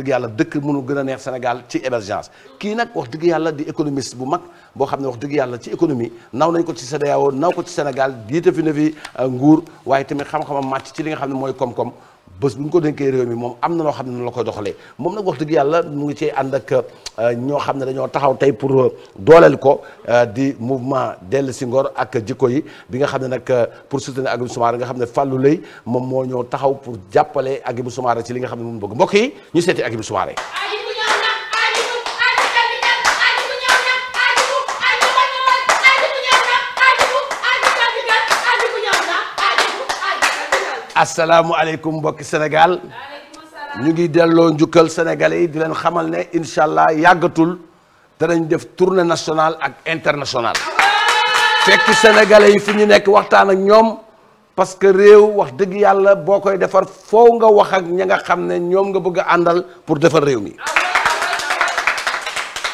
dëgg yàlla dëkk mënu gën a neex Sénégal ci émergence kii nag wax dëgg yàlla di économiste bu mag boo xam ne wax dëgg yàlla ci économie naw nañ ko ci CEDEAO naw ko ci Sénégal jiite fi na fi euh, nguur waaye tamit xam-xamam màcc ci li nga xam ne mooy koom-koom bés bu ñu ko dénkee réew mi moom am na loo xam ne la koy doxalee moom nag wax dëgg yàlla mu ngi cee ànd ak euh, ñoo xam ne dañoo taxaw tey pour euh, dooleel ko euh, di mouvement dell si ngor ak jikko yi bi nga xam ne nag pour soutenir Hadjibou Soumaré nga xam ne Fallou Leye moom moo ñoo taxaw pour jàppale Hadjibou Soumaré ci li nga xam ne moom bëgg mbokk yi ñu seeti Hadjibou Soumaré asalaamualeykum mbokki Sénégal ñu ngi delloo njukkal sénégalais yi di leen xamal ne incha allah yàggatul danañ def tournée nationale ak internationale fekk sénégalais yi fi ñu nekk waxtaan ak ñoom parce que réew wax dëgg yàlla boo koy defar foo nga wax ak ña nga xam ne ñoom nga bëgg a àndal pour defar réew mi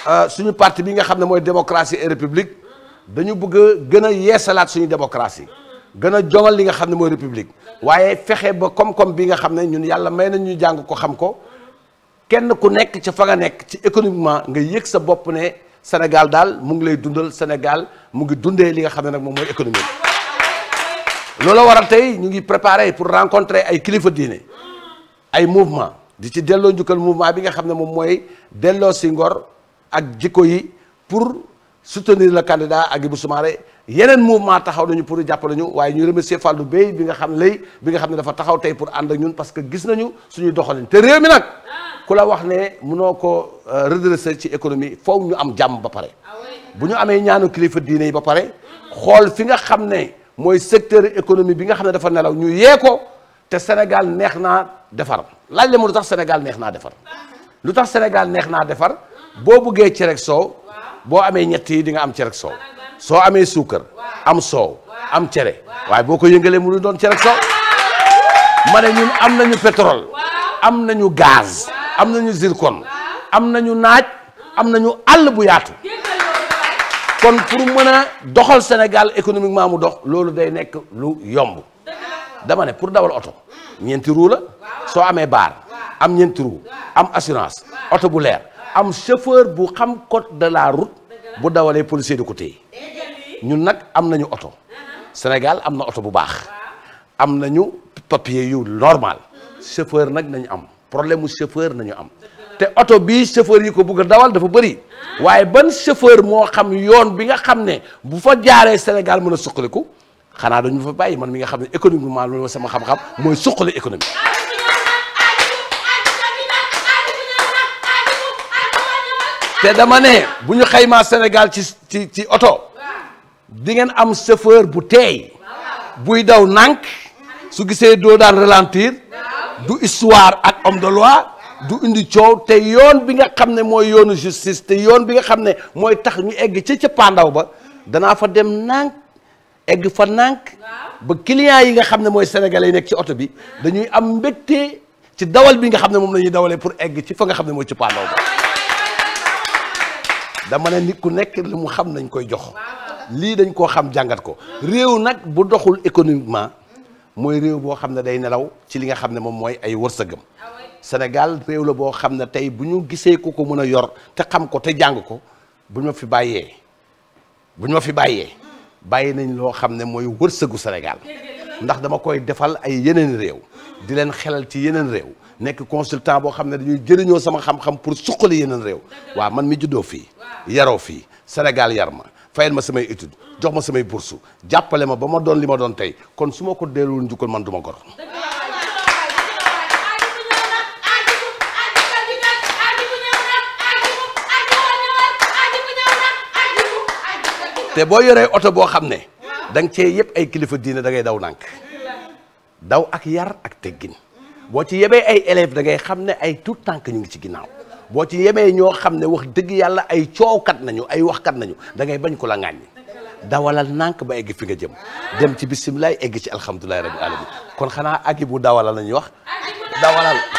euh, suñu parti bi nga xam ne mooy démocratie et république dañu bëgg gën a yeesalaat suñu démocratie gën a jongal li nga xam ne mooy république waaye fexe ba koom-koom bi nga xam ne ñun yàlla may nañ ñu jàng ko xam ko kenn ku nekk ci fa nga nekk ci économiquement nga yëg sa bopp ne Sénégal daal mu ngi lay dundal Sénégal mu ngi dundee li nga xam ne nag moom mooy économie loola waral tey ñu ngi préparé pour rencontrer ay kilifa diine ay mouvement di ci delloo njukkal mouvement bi nga xam ne moom mooy delloo si ngor ak jikko yi pour soutenir le candidat Hadjibou Soumaré yeneen mouvement taxaw nañu pour jàppale ñu waaye ñu remercier Fallou Bey bi nga xam lay bi nga xam ne dafa taxaw tey pour ànd ak ñun parce que gis nañu suñuy doxalin te réew mi nag ku la wax ne munoo ko euh, redresser ci économie foog ñu am jàmm ba pare ah bu ñu amee ñaanu kilifa diine yi ba pare xool fi nga xam ne mooy secteur économie bi nga xam ne dafa nelaw ñu yee ko te Sénégal neex naa defar laaj la ma lu tax Sénégal neex naa defar lu tax Sénégal neex naa defar boo buggee ci rek soow boo amee ñetti yi di nga am cere ak soow soo amee suukar am soow am cere waaye boo ko yëngalee mu du doon cere ak soow ma ne ñun am nañu pétrole am nañu gaz am nañu zircon am nañu naaj am nañu àll bu yaatu kon pour mën a doxal Sénégal économiquement mu dox loolu day nekk lu yomb damane ne pour dawal oto ñeenti roue la soo amee baar am ñeenti roue am assurance oto bu leer am chauffeur bu xam code de la bu dawalee policier di ko téye ñun nag am nañu oto Sénégal am na oto bu baax am nañu papier yu normal chauffeur nag nañu am problème mu chauffeur nañu am te oto bii chauffeur yi ko bugg a dawal dafa bëri waaye ban chauffeur moo xam yoon bi nga xam ne bu fa jaaree Sénégal mën a suqaliku xanaa dañu fa bàyyi man mi nga xam ne économiquement loolu sama xam-xam mooy suqali économie te dama ne bu ñu xaymaa Sénégal ci ci ci oto di ngeen am chauffeur bu teey buy daw nank su gisee doo daan ralentir du histoire ak homme de loi du indi coow te yoon bi nga xam ne mooy yoonu justice yoon bi nga xam ne mooy tax ñu egg ci ca pandaw ba danaa fa dem nànk egg fa nànk ba client yi nga xam ne mooy sénégalais yi nekk ci oto bi dañuy am mbégte ci dawal bi nga xam ne moom la ñuy dawalee pour egg ci fa nga xam ne mooy ci pandaw ba dama ne nit ku nekk li mu xam nañ koy jox lii dañ koo xam jàngat ko réew nag bu doxul économiquement mooy réew boo xam ne day nelaw ci li nga xam ne moom mooy ay wërsëgam Sénégal réew la boo xam ne tey bu ñu gisee ku ko mën a yor te xam ko te jàng ko bu ñu ma fi bàyyee bu ñu ma fi bàyyee bàyyee nañ loo xam ne mooy wërsëgu Sénégal ndax dama koy defal ay yeneen réew di leen xelal ci yeneen réew nekk consultant boo xam ne dañuy jëriñoo sama xam-xam pour suqali yeneen réew waa man mi juddoo fii yaroo fii Sénégal yar ma fayal ma samay étude jox ma samay bourse jàppale ma ba ma doon li ma doon tey kon su ma ko delluwul njukkal man du ma gor te boo yoree oto boo xam ne da nga cee yëpp ay kilifa diine da ngay daw nànk daw ak yar ak teggin boo ci yebee ay élèves da ngay xam ne ay tout tànk ñu ngi ci ginnaaw boo ci yemee ñoo xam ne wax dëgg yàlla ay coowkat nañu ay wax kat nañu dangay bañ ko la ŋàññi dawalal nànk ba egg fi nga jëm dem ci bisimilah egg ci alhamdulilah rabbil alamin kon xanaa agi bu dawalal lañuy wax dawalal